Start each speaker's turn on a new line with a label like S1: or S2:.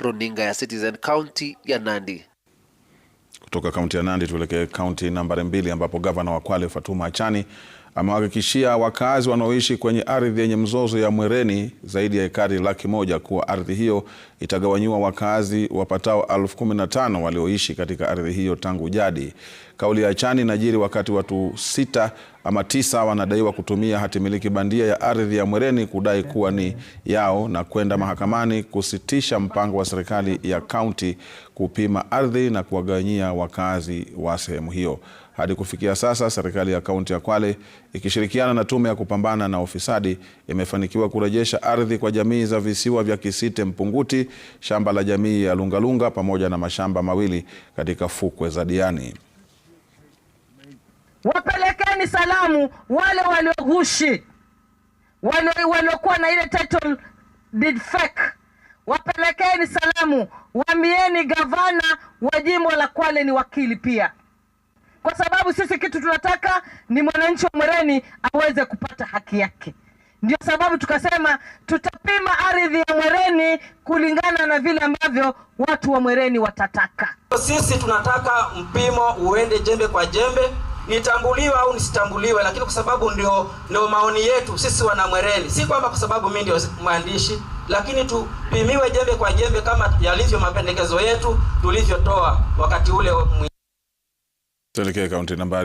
S1: runinga ya Citizen kaunti ya Nandi.
S2: Kutoka kaunti ya Nandi tuelekee kaunti nambari mbili ambapo gavana wa Kwale Fatuma Achani amewahakikishia wakazi wanaoishi kwenye ardhi yenye mzozo ya Mwereni zaidi ya ekari laki moja kuwa ardhi hiyo itagawanyiwa wakazi wapatao elfu kumi na tano walioishi katika ardhi hiyo tangu jadi. Kauli ya Chani inajiri wakati watu sita ama tisa wanadaiwa kutumia hatimiliki bandia ya ardhi ya Mwereni kudai kuwa ni yao na kwenda mahakamani kusitisha mpango wa serikali ya kaunti kupima ardhi na kuwagawanyia wakazi wa sehemu hiyo. Hadi kufikia sasa, serikali ya kaunti ya Kwale ikishirikiana na tume ya kupambana na ufisadi imefanikiwa kurejesha ardhi kwa jamii za visiwa vya Kisite Mpunguti, shamba la jamii ya Lungalunga pamoja na mashamba mawili katika fukwe za Diani.
S3: Wapelekeni salamu wale waliogushi waliokuwa na ile title deed fake. Wapelekeni salamu, waambieni gavana wa jimbo la Kwale ni wakili pia kwa sababu sisi kitu tunataka ni mwananchi wa Mwereni aweze kupata haki yake. Ndio sababu tukasema tutapima ardhi ya Mwereni kulingana na vile ambavyo watu wa Mwereni watataka.
S4: Sisi tunataka mpimo uende jembe kwa jembe, nitambuliwe au nisitambuliwe, lakini kwa sababu ndio, ndio maoni yetu sisi wana Mwereni, si kwamba kwa sababu mimi ndio mwandishi, lakini tupimiwe jembe kwa jembe kama yalivyo mapendekezo yetu tulivyotoa wakati ule. Tuelekee kaunti nambari